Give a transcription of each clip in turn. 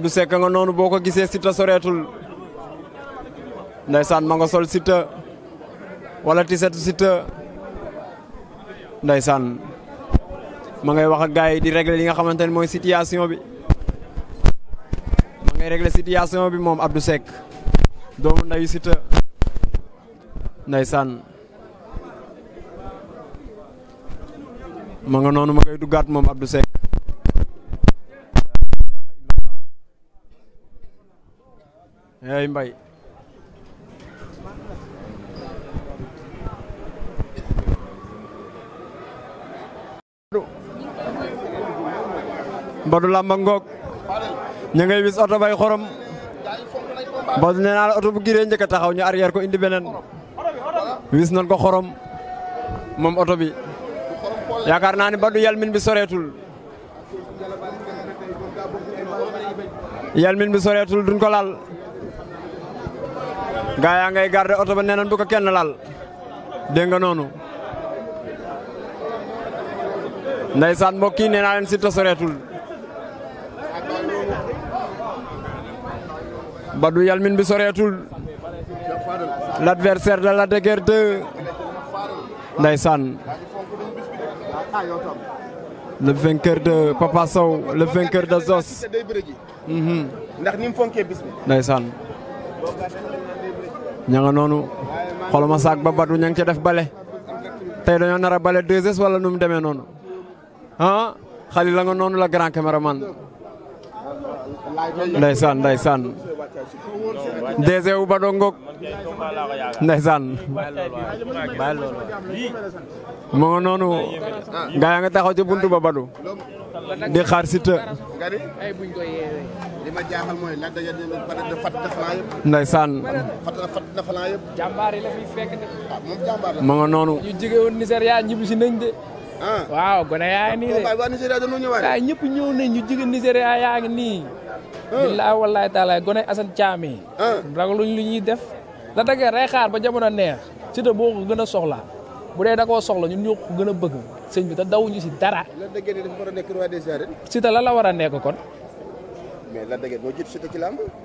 Abdou Seck nga noonu boo ko gisee Siteu soreetul ndaysaan ma nga sol sita wala tisetu Siteu ndaysaan ma ngay wax ak gars yi di régler li nga xamante ne mooy situation bi ma ngay régler situation bi moom Abdou Seck doomu ndayu Siteu ndaysaan ma nga noonu ma ngay duggaat moom Abdou Seck eey Mbaye Mbadu làmb ngoog ña ngay oto bay xorom Mbadu nee oto bu giree njëkk a taxaw ñu arrière ko indi beneen wis ko xorom moom oto bi yaakaar naa ne Mbadu yalmin bi soreetul yalmin bi soreetul duñ ko laal gaa yaa ngay garder oto ba nee nañ bu ko kenn laal dégg nga noonu. Ndeysaan mbokk yi nee naa leen Siteu soreetul bi soreetul l'adversaire de la Degueur 2 Ndeysaan le vainqueur de Papa Sow le vainqueur de Zos. Mhm. ndax ni fonkee bis bi. Ndeysaan. ña nga noonu xoluma saak ba badu ña ngi ca def bale tey dañoo nara a bale 2S wala nu mu demee noonu ah xali la nga noonu la grand caméraman ndeysaan ndeysaan DG wu bado Ngok san mu nga noonu gaa nga taxaw ca buntu ba di xaar Siteu. li ma jaaxal mooy lan da a fat na falaa yëpp. Ah, ma nga noonu. ñu jege woon Nigéria si nañ de. Ah. waaw gone yaa nii de. waaw Nigéria ñëpp ñëw nañ ñu jege Nigéria yaa ngi nii. Ah. billaahi wallaahi taala gone Assane Thiam yi. ragaluñ lu ñuy def. la da ngay xaar ba jamono neex. Siteu boo ko gën a soxla bu dee da koo soxla ñun ñu ko gën a bëgg sëñ bi te dawuñu si dara. Lac de Guiers dafa war a nekk roi des arènes. Siteu lan war a nekk kon. mais Lac de Guiers moo jiitu Siteu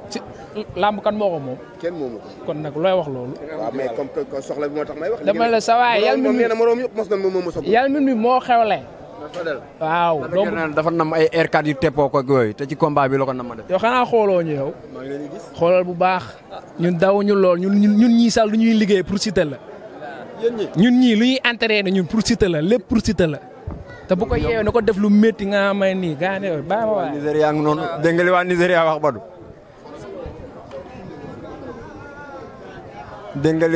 ci ci làmb kan moo moom. kenn moomu kon nag looy wax loolu. waaw mais comme que soxla bi moo tax may wax. dama la sa waay yal mi moom nee na moroom yëpp mos na moom mos a. yal mi moo xewle. waaw donc dafa nam ay R4 yu teppoo ko ak yooyu te ci combat bi la ko nam ma def. yow xanaa xooloo ñu yow. xoolal bu baax. ñun dawuñu lool ñun ñun ñii sax lu ñuy liggéey pour Siteu la ñun ñii lu ñuy entraîné ñun pour Siteu la lépp pour Siteu la. te bu ko yeewee na ko def lu métti nga xam ne nii gaa ne baax waa noonu dégg nga li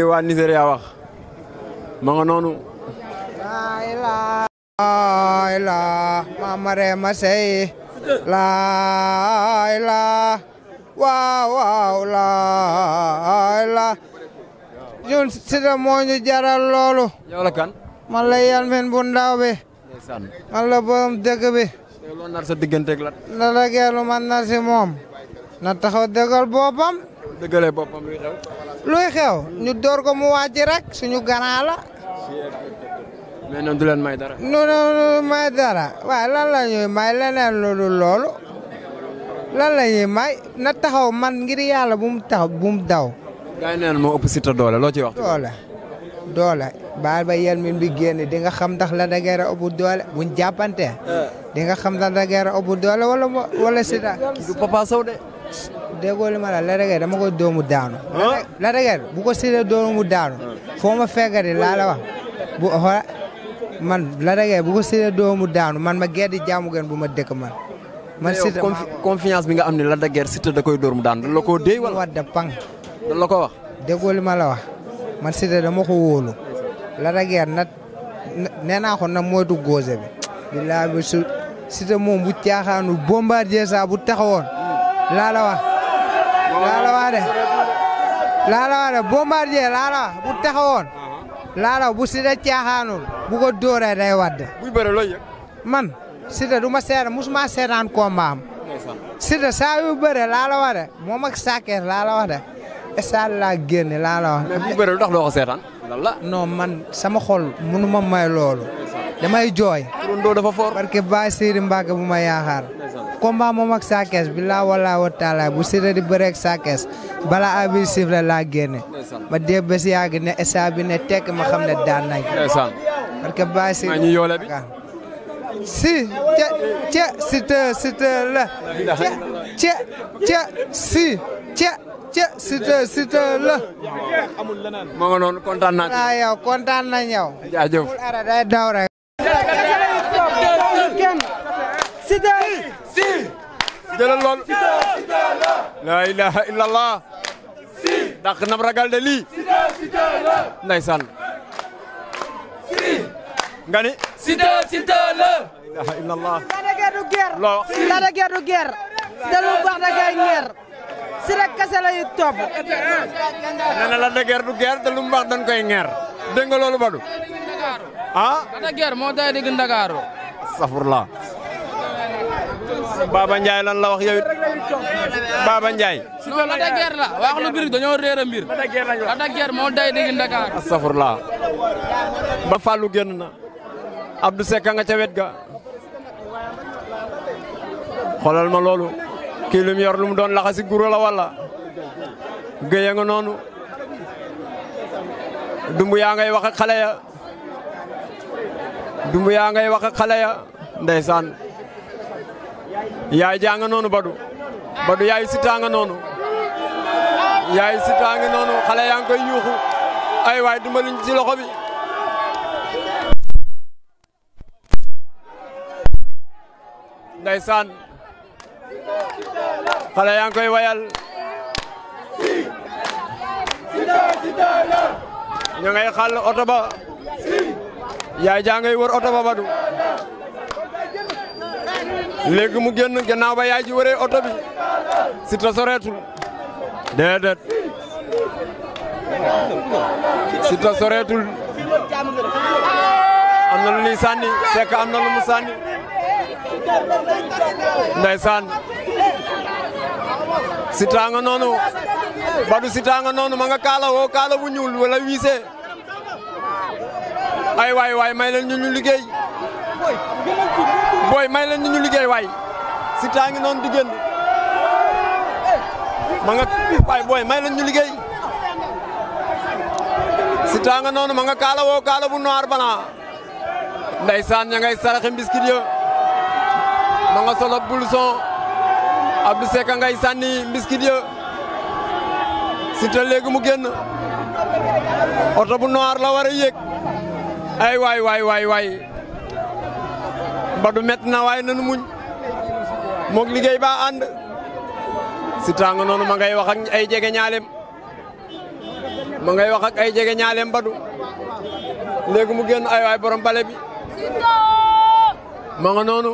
waa Nigéria laa ilaa ma mare laa ilaa waaw laa ilaa ñun Siteu moo ñu jaral loolu. yow man la yalmin bu ndaw bi. man la borom bi. loo nar sa digganteeg la. la la geelu man nar si moom. na taxaw dëggal boppam. dëggalee luy xew. ñu door ko mu wàcc rek suñu ganaa la. mais noonu du leen may dara. noonu may waaye lan la ñuy may leneen loolu loolu. lan may na taxaw man ngir yàlla bu taxaw bu mu daw. gaa yi neen doole loo ciy wax. doole doole baal ba yel min bi génn di nga xam ndax la da ngay ëpp doole buñ jàppante. Eh. dinga nga xam ndax da ngay ëpp doole wala wala Siteu. du de. déggoo ma la la dëgër dama ko doomu daanu. la dëgër bu ko Siteu doomu daanu. Eh. foo ma fekk di laa la wax bu man la dëgër bu ko Siteu doomu daanu man ma gedd jaamu gën bu ma dëkk man. man Siteu confiance bi nga am ne la dëgër Siteu da daanu la ko dee wala. wadda pang. dañ la ko wax. déggoo ma la wax man Siteu dama la da geer nag nee naa ko nag moytu góose bi. bilaa bi su Siteu moom bu caaxaanu bombardier saa bu taxawoon. laa la wax. laa la wax de. laa la wax de bombardier laa la bu taxawoon. laa la wax bu Siteu caaxaanul. bu ko dóoree day wadd. man Siteu du ma seetaan seetaan combat am. Siteu saa yu bëre de moom ak Sa Thiès laa de. stade laa génne laa la wax. mais man sama xol mënu ma may loolu. damay jooy. turandoo dafa fort. parce bu ma yaakaar. combat moom ak Sakess bi laa wa taala bu Seydi di bëreeg Sakess bala abi sifle laa génne. ma dee ba si yàgg ne stade bi ne tekk ma xam ne daan nañ. parce que si ca ca si te si te la. si ca. ca Siteu Siteu la. amul nga noonu kontaan naa. waaw ah, kontaan nañ yow. jaajëf amul ara day daw rek. Siteu si. jëlal la ilaha illallah. si. dàq nam ragal de lii. Siteu Siteu la. ndeysaan. si. nga ni. Siteu Siteu la. la ilaha illallah. la da geer du geer. loo. la da lu baax da geer. si rek kese la topp. nee la de du guerre lu mu wax dañ koy ŋer dégg nga loolu Badou. ah. la de guerre moo day digg Ndakaaru. safurla. Baba la la de guerre la wax lu mbir dañoo réer a mbir. ba Fallou génn na. Abdou Seck nga ca wet ga. xoolal ma loolu. kii lu mu yor lu mu doon laxasi guro la walla géye nga noonu dumb yaa ngay wax ak xale ya dumb yaa ngay wax ak xale ya ndeysaan yaay jaa noonu badu badu yaay sitaa nga noonu yaay sitaa nga noonu xale yaa ngi yuuxu ay waay dimbaliñ ci loxo bi xale yaa ngi koy wayal ña ngay oto ba yaay jaa ngay wër oto ba badu léegi mu génn gannaaw ba yaay ji wëree oto bi Siteu soreetul déedéet Siteu soreetul am na lu ñuy sànni Seck am lu mu sànni ndeysaan Siteu nga noonu Badou Siteu nga noonu ma nga kaala woo kaala bu ñuul wala wiise ay waay waay may leen ñu ñu liggéey booy may leen ñu ñu liggéey waay Siteu ngi noonu di ma nga waay booy may leen ñu liggéey Siteu nga noonu ma nga kaala woo kaala bu noir bana ndeysaan ña ngay saraxe mbiskit ma nga solo bulson Abdou Seck ngay sànni mbiskit ya Siteu léegi mu génn oto bu noir la war a yéeg ay waay waay waay waay ba na waay nanu muñ moog liggéey ba ànd Siteu nga noonu ma ngay wax ak ay jege ñaaleem ma ngay wax ak ay jege ñaaleem badu léegi mu génn ay waay borom bale bi ma nga noonu